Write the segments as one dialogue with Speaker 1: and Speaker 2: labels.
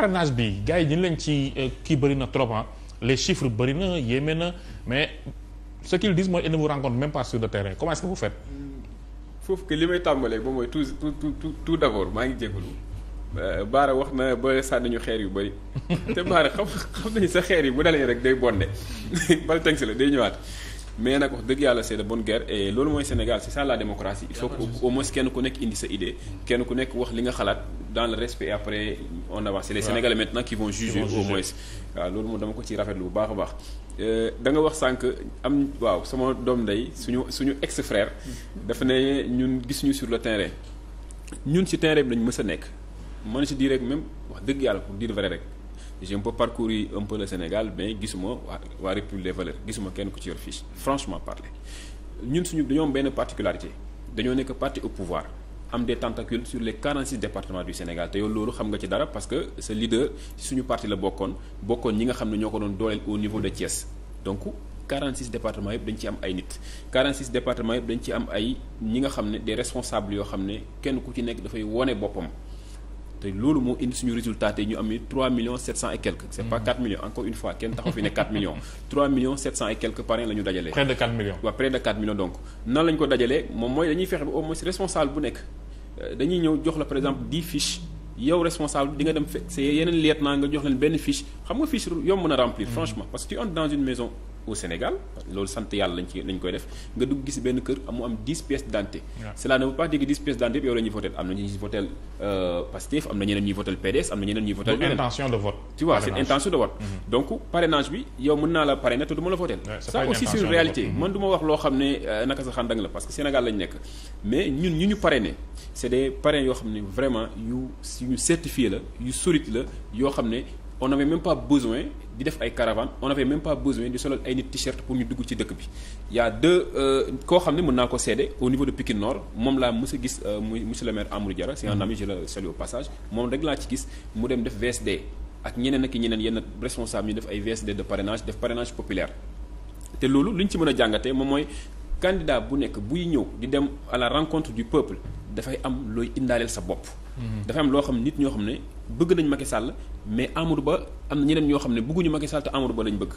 Speaker 1: parrainage bi gars yi ñu leen ci euh, kii bëri na trop ah les chiffres bëri na yéeme na mais ce qu'ils disent mooy ils ne vous rencontrent même sur le terrain comment est-ce que vous faites. Hmm. foofu que li may tàmbalee moom mooy tout tout tout tout d'abord maa ngi jégalu euh, Baara wax na ba sànni ñu xeer yu bëri te Baara xam xam nañu sa xeer yi bu dalee rek day bonde bal tënk si la day ñëwaat mais nag wax dëgg yàlla c'est de bonne guerre et loolu mooy Sénégal c'est ça la démocratie il faut que au moins kenn ku nekk indi sa idée kenn ku nekk wax li nga xalaat. dans le respect et après on avance c'est les Sénégalais maintenant qui vont juger au moins waaw ah, loolu moom dama ko ci rafetlu bu baax a baax euh, da nga wax sànq am waaw sama doom ndey suñu suñu ex frère dafa ne ñun gisuñu sur le terrain ñun ci terrain bi lañ mës a nekk man je dirais même wax dëgg yàlla pour diir vrai rek j'ai un peu parcouru un peu le Sénégal mais gisuma waa waa République des valeurs gisuma kenn ku ci yor fiche franchement parler ñun suñu dañoo am benn particularité dañoo nekk parti au pouvoir am des tentacules sur les 46 départements du Sénégal te yow loolu xam nga ci dara parce que sa leader suñu parti la bokkoon bokkoon ñi nga xam ne ñoo ko doon dooleel au niveau de Thiès donc 46 départements yëpp dañ ci am ay nit 46 départements yëpp dañ ci am ay ñi nga xam ne des responsables yoo xam ne kenn ku ci nekk dafay wone boppam te loolu moo indi suñu résultat tey ñu am ni 3 millions 700 et quelques. c' est pas 4 millions encore une fois kenn taxaw fi ne 4 millions 3 millions 700 et quelques parrain la dajalee. près de 4 millions. waaw près de 4 millions donc nan la ko dajalee moom mooy dañuy fexe ba au moins responsable bu nekk euh, dañuy ñëw jox la par exemple 10 fiches. yow responsable di nga dem fekk c'est yeneen lieutenant nga jox leen benn fiche nga fiche yomb na remplir mm. franchement parce que tu au Sénégal loolu sant yàlla lañ ci lañ koy def nga dugg gis benn kër mu am 10 pièces d'identité cela ne veut pas dire pièces d'identité yëpp yow la ñuy voté am na ñuy voté euh, Pastef am na ñeneen ñuy voté PDS am na ñeneen ñuy voté mm-hmm. donc parrainage bi yow mën naa la parrainer te du la voté ça aussi c'est une réalité man du wax loo xam ne euh, naka sa xandang la parce que Sénégal lañ nekk mais ñun ñu ñu parrainé c'est des parrains yoo xam ne vraiment yu yu certifié la yu solide yoo xam ne on avait même pas besoin di def ay caravane on avait même pas besoin di solal ay nit t-shirt pour ñu dugg ci dëkk bi y deux euh, koo xam ne mën naa ko seede au niveau de Pikine Nord moom laa mës a gis euh, muy monsieur le maire Amadou Diarra c'est un mm-hmm. ami je le salue au passage moom rek laa ci gis mu dem def VSD ak ñeneen ak ñeneen yenn responsable ñu def ay VSD de parrainage def parrainage populaire te loolu li ñu ci mën a jàngatee moom mooy candidat bu nekk buy ñëw di dem à la rencontre dafay am looy indaaleel sa bopp mm-hmm. dafay xam nit ñoo xam ne bëgg nañ Macky Sall mais Amadou Ba am na ñeneen ñoo xam ne bëgguñu Macky Sall te Amadou Ba lañ bëgg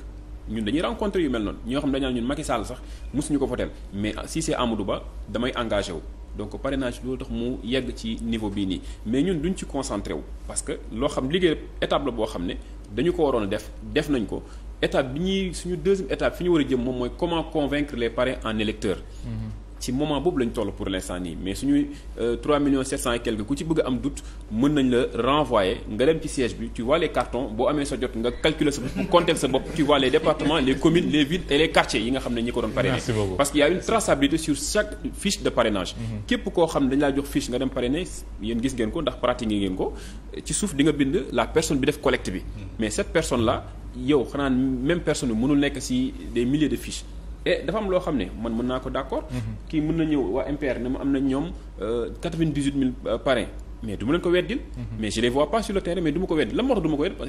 Speaker 1: ñun dañuy rencontré yu mel noonu ñoo xam ne dañaa ñun Macky Sall sax mosuñu ko foteel mais si c'est Amadou Ba damay engagé wu donc parrainage loolu tax mu yegg ci niveau bii nii mais ñun duñ ci concentré wu parce que loo xam liggéey étape la boo xam ne dañu ko waroon def def nañ ko étape bi ñuy suñu deuxième étape fi ñu war a jëm moom mooy comment convaincre les parrains en électeurs. Mmh. ci moment boobu lañ toll pour l'instant nii mais suñuy 3 euh, millions 700 et quelque ku ci bëgg am doute mën nañ la renvoyer nga dem ci siège bi tu vois les cartons boo amee sa jot nga calculer sa bopp compter sa bopp tu vois les départements les communes les villes et les yi nga xam ne ñi ko doon parrainer parce qu'il y a une traçabilité sur chaque fiche de parrainage mm-hmm. képp koo xam ne dañ laa jox fiche nga dem parrainer yéen gis ngeen ko ndax pratique mm-hmm. nekk ci des milliers de fiches et eh, dafa am loo xam ne man mën naa ko d'accord. Mhm. kii mën na ñëw waa MPR ne ma am na ñoom euh, quatre-vingt-dix-huit mille euh, parrains mais du ma leen ko weddil. Mhm. mais je les pas sur le terrain la moo que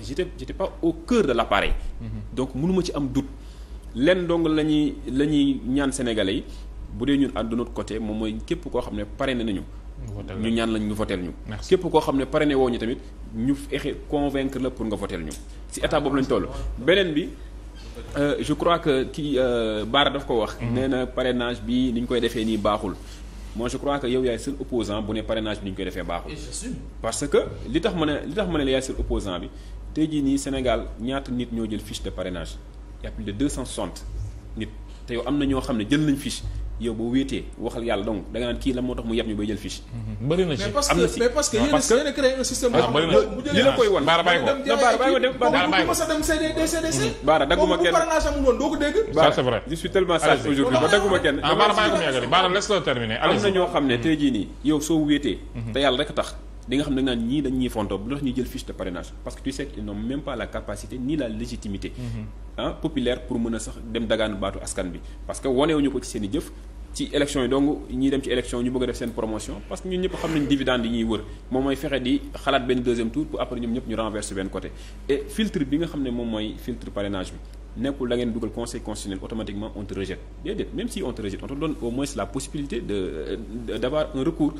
Speaker 1: j'étais j'étais pas au cœur de mhm. donc mënu ci am doute lenn dong la ñuy la ñuy ñaan sénégalais yi bu dee ñun à de notre moom mooy képp koo xam ne pare parrainé nañu. ñu ñaan lañ ñu votel ñu. képp koo xam ne parrainé woo ñu tamit ñu fexe convaincre la pour nga votel ñu. si état boobu lañ toll beneen bi. Euh, je crois que kii euh, Baara daf ko wax. Mhm. nee na parrainage bi ni ñu koy defee nii baaxul. moi je crois que yow yaay seul opposant bu ne parrainage bi ni ñu koy defee baaxul. parce que li tax ma ne li tax ma ne la yaay seul opposant bi tey jii nii Sénégal ñaata nit ñoo jël fiche de parrainage de deux plus de nit te yow am na ñoo xam ne jël nañ fiche. yow boo wéetee waxal yàlla donc da nga naan kii la moo tax mu yab ñu bay jël fiche. Mmh, bëri na ci am na si mais parce que parce que yéen a créé un système. ah bëri na li la koy wan. baara bàyyi ko dem baara bàyyi ko dem baara bàyyi ko dem CDD CDC. baara dagguma kenn kooku bu parrainage amul woon doo ko dégg. ça c'est vrai je suis tellement sage aujourd'hui ba dagguma kenn. ah baara bàyyi ko mu yàggali baara laisse la terminer. am na ñoo xam ne tey jii nii yow soo wéetee. Mmh. te yàlla rek tax. di nga xam ne naan ñii dañ ñuy fonto bu tax ñuy jël fiche de parrainage parce que tu sais qu'ils n'ont même pas la capacité ni la légitimité ah populaire pour mën a sax dem dagaan baatu askan bi parce que wanewuñu ko ci seen i jëf ci élection yi donc ñiy dem ci élection ñu bëgg a def seen promotion parce que ñun ñëpp xam nañ dividende yi ñuy wër moom mooy fexe di xalaat benn deuxième tour pour après ñoom ñëpp ñu renverser benn côté et filtre bi nga xam ne moom mooy filtre parrainage bi nekkul da ngeen dugal conseil constitutionnel automatiquement on te rejette déedéet même si on te rejette on donne au moins la possibilité de euh, d'avoir un recours